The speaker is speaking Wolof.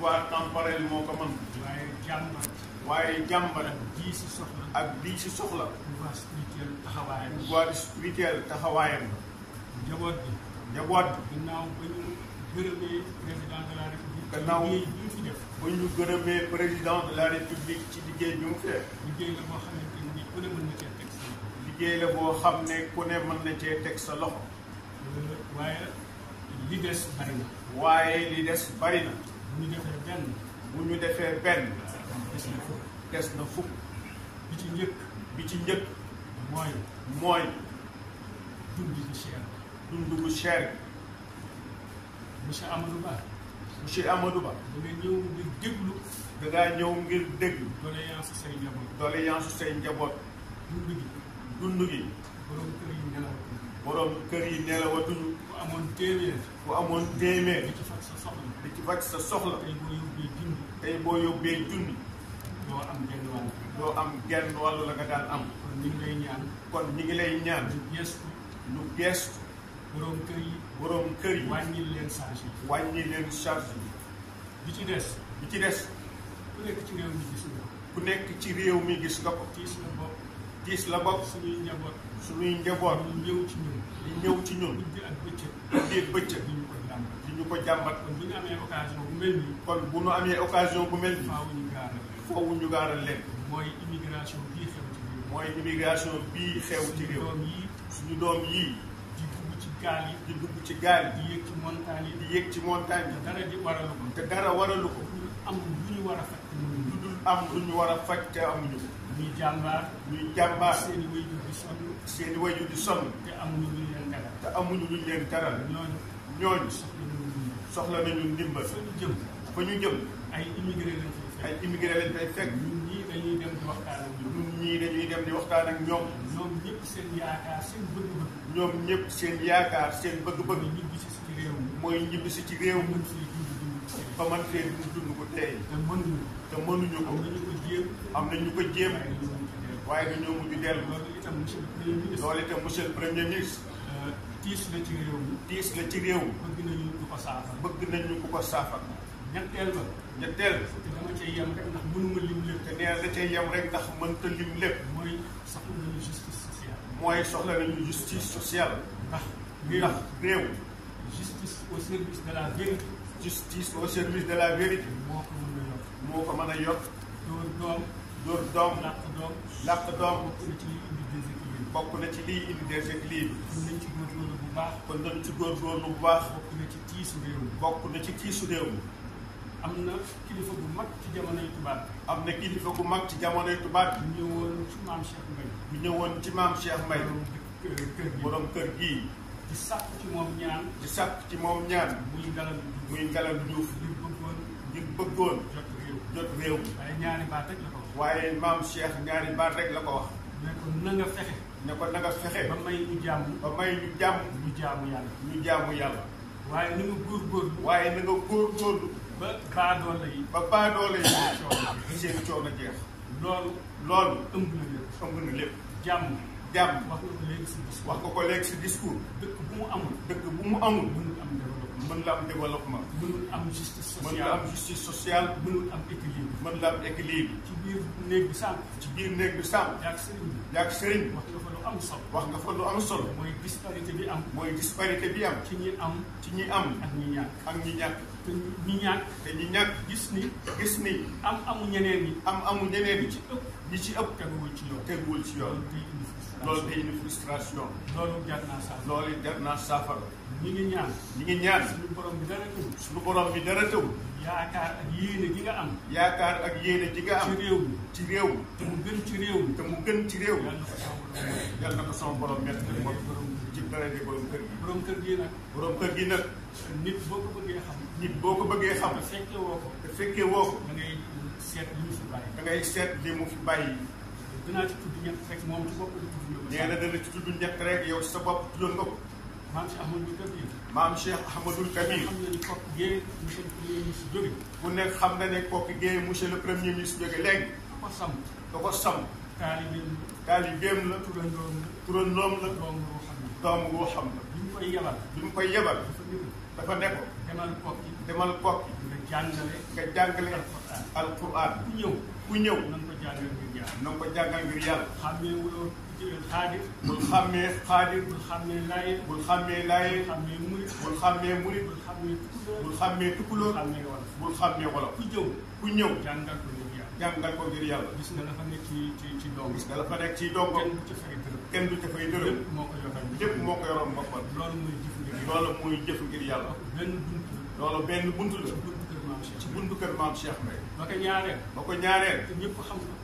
pouvoir temporel moo ko mën. ak bi. njaboot bi. gannaaw ba bi ñu fi def. ba ñu gërëmee président ci liggéey bi la boo xam ne ku ne mën na cee teg sa loxo. waaye li des bari waaye li des bari bu ñu defee benn. bu ñu defee benn. des na fukk bi ci njëkk. bi ci njëkk. mooy. mooy. dund bu cher. dund bu cher. monsieur Amadou Ba. monsieur ñëw ngir déglu. da ngaa ñëw ngir déglu. doléance say njaboot. doléance say njaboot. dund gi. dund kër yi nelawatuñu. borom kër yi nelawatuñu. ku amoon téeméer. ku amoon téeméer. di ci faj sa soxla. faj sa soxla tey boo yóbbee junni doo am genn wàll doo am genn wàllu la nga daan am kon ñu ngi lay ñaan kon ñu ngi lay ñaan lu geestu lu geestu boroom kër yi boroom kër yi wàññi leen charge yi wàññi leen charge bi ci des bi ci des ku nekk ci réew mi gis nga ku nekk ci réew mi gis nga ko tiis nga bopp diis la bokk suñuy njaboot suñuy njaboot ñu ñëw ci ñun ñu ñëw ci ñun guddi ak bëccëg guddi ak bëccëg ñu ko jàmbat di ñu ko jàmbat kon bu ñu amee occasion bu mel nii kon bu ñu amee occasion bu mel nii faaw ñu gaaral faaw ñu gaaral leen mooy immigration bii xew ci réew mooy immigration bii xew ci réew suñu doom yii di dugg ci gaal yi di dugg ci gaal yi di yëg ci montagne yi di yëg ci montagne yi dara di waralu ko te dara waralu ko am lu ñu war a faj lu dul am lu ñu war a faj te amuñu ko ñuy jàmbaar. ñuy jàmbaar seen i wayjur di sonn. seen i wayjur di sonn. te amuñu luñ leen teral. te amuñu luñ leen teral. ñooñu ñooñu. soxla nañu ndimbal. fa ñu jëm. fa ñu jëm. ay immigré lañ fekk. ay immigré lañ fay fekk. ñii dañuy dem di waxtaan ak ñoom. ñun ñii ñoom. ñoom ñëpp seen yaakaar seen bëgg-bëgg. ñoom ñëpp seen yaakaar seen bëgg-bëgg. ñibbisi ci réew mi mooy ñibbisi ci réew mi. ba man fee dund dund ko tey. te mënuñu te mënuñu ko. am na ñu ko jéem. am na ñu ko jéem. waaye dañoo mujj dellu. loolu itam monsieur le premier ministre. loolu itam monsieur le premier ministre. Euh, tiis la ci réew mi. tiis la ci réew mi. bëgg nañu ku ko saafara. bëgg nañu ku ko saafara. ñetteel ba. ñetteel. te dama cay yem rek ndax mënuma lim lépp. te nee na da cay yem rek ndax mënta lim lépp. mooy soxla nañu justice sociale. mooy soxla nañu justice sociale. ndax ndax réew. justice au service de la vérité. justice au service de la vérité. moo ko mën a yokk. moo ko mën a yokk. dóor doom. dóor doom. làq doom. làq doom. bokk na ci liy indi déséquilibre. kon nañ ci góorgóorlu bu baax. kon nañ ci góorgóorlu bu baax. bokk na ci tiisu réew mi. bokk na ci tiisu réew mi. am na kilifa bu mag ci jamonoy tubaab. am na kilifa bu mag ci jamonoy tubaab. bu ñëwoon ci maam Cheikh Mbaye. bu ñëwoon ci maam Cheikh Mboy. borom kër gii borom kër gii. di sàkk ci moom ñaan. di sàkk ci moom ñaan. muy ngelaw muy ngelaw Diouf. ngir bëggoon ngir bëggoon. jot réew jot réew. waaye ñaari baat rek la ko wax. waaye maam Cheikh ñaari baat rek la ko wax. ne ko na fexe. ne ko na nga fexe. ba may ñu jàmm. ba may ñu jàmm. ñu jaamu yàlla. ñu jaamu yàlla. waaye na nga góorgóorlu. waaye na nga góorgóorlu. ba baadoole yi. ba baadoole yi. seen coono jeex. loolu. loolu ëmb na lépp ëmb na lépp jàmm. jàmm wax nga ko léegi si discours mu amul dëkk bu mu am mën la am développement mënul am justice sociale mën la am justice sociale mënul ci biir néeg bi ci biir néeg bi sànq yaag sëriñ bi wax nga fa am solo wax nga fa disparité bi am mooy disparité bi am ci ñi am ci ñi am ak ñi ñàkk ak ñi ñàkk te ñi ñàkk te ñi ñàkk gis ni gis ni am amu ñeneen ñi am amu ñeneen ñi ci ëpp li ci ëpp teguwul ci yoon. teguwul ci yoon loolu day indi frustration. loolu jar naa saafara. loolu jar naa saafara. ñi ngi ñaan. ñi ngi ñaan. suñu borom bi dara tëwul. suñu borom bi dara tëwul. yaakaar ak yéene ji nga am. yaakaar ak yéene ji nga am. ci réew mi ci réew mi. te mu gën ci réew mi. te mu gën ci réew mi. yal na ko sama borom mett na ko ci dara borom kër gi. borom kër gi nag. borom kër gi nag. nit boo ko bëggee xam. nit boo ko bëggee xam. te fekkee woo ko. seet li mu fi bàyyi. da ngay seet li mu fi bàyyi. dinaa ci tudd ñett rek moom ci boppam tudd na ko. nee na dana ci tudd ñett rek yow sa bopp tuddoon nga ko. maam Cheikh Ahmadou Kabir. maam Cheikh Ahmadou Kabir. xam na ne kooku géey monsieur le premier ministre jóge. ku nekk xam na ne kooku géey monsieur le premier ministre jóge léegi. da ko sàmm. da ko sàmm. taalibeem la. taalibeem la. turandoom la. turandoom la. doomu boo xam ne. doomu boo xam ne. bi mu koy yebal. bi mu koy yebal. dafa nekkoon. dafa nekkoon. demal kokki. demal kokki. nga jàngale. nga jàngale. alquran ku ñëw ku ñëw na ko jàngal ngir yàlla na nga ko jàngal ngir yàlla xàmmee wuloo xaadir bul xàmmee ne bul xàmmee laayee bul xàmmee laayee xàmmee murit bul xàmmee murit bul xàmmee tukulóor bul xàmmee tukulóor xàmmee wala bul xàmmee ku ñëw ku ñëw jàngal ko ngir yàlla jàngal ko nga la nekk ci ci ci doom gis nga nekk ci doom kenn du ca fay dërëm kenn du ca fay lépp moo ko yoroon boppam loolu yàlla loolu mooy jëf ngir yàlla benn bunt loolu benn bunt la ci buntu kër maam Cheikh Mbaye. ba ko ñaareel. ba ko ñaareel. te ñëpp xam ko.